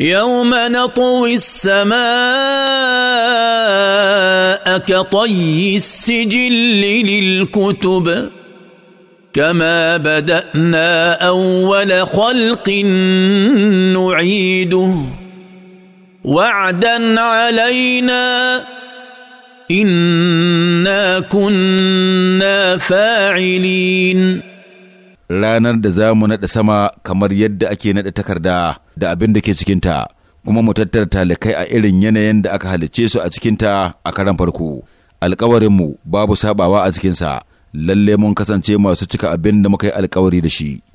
يوم نطوي السماء كطي السجل للكتب كما بدانا اول خلق نعيده وعدا علينا انا كنا فاعلين ranar da za mu naɗa sama kamar yadda ake naɗa takarda da abin da ke cikinta, kuma mu tattara talikai a irin yanayin da aka halicce su a cikinta a karan farko. Alkawarinmu babu sabawa a cikinsa, lalle mun kasance masu cika abin da muka yi alkawari da shi.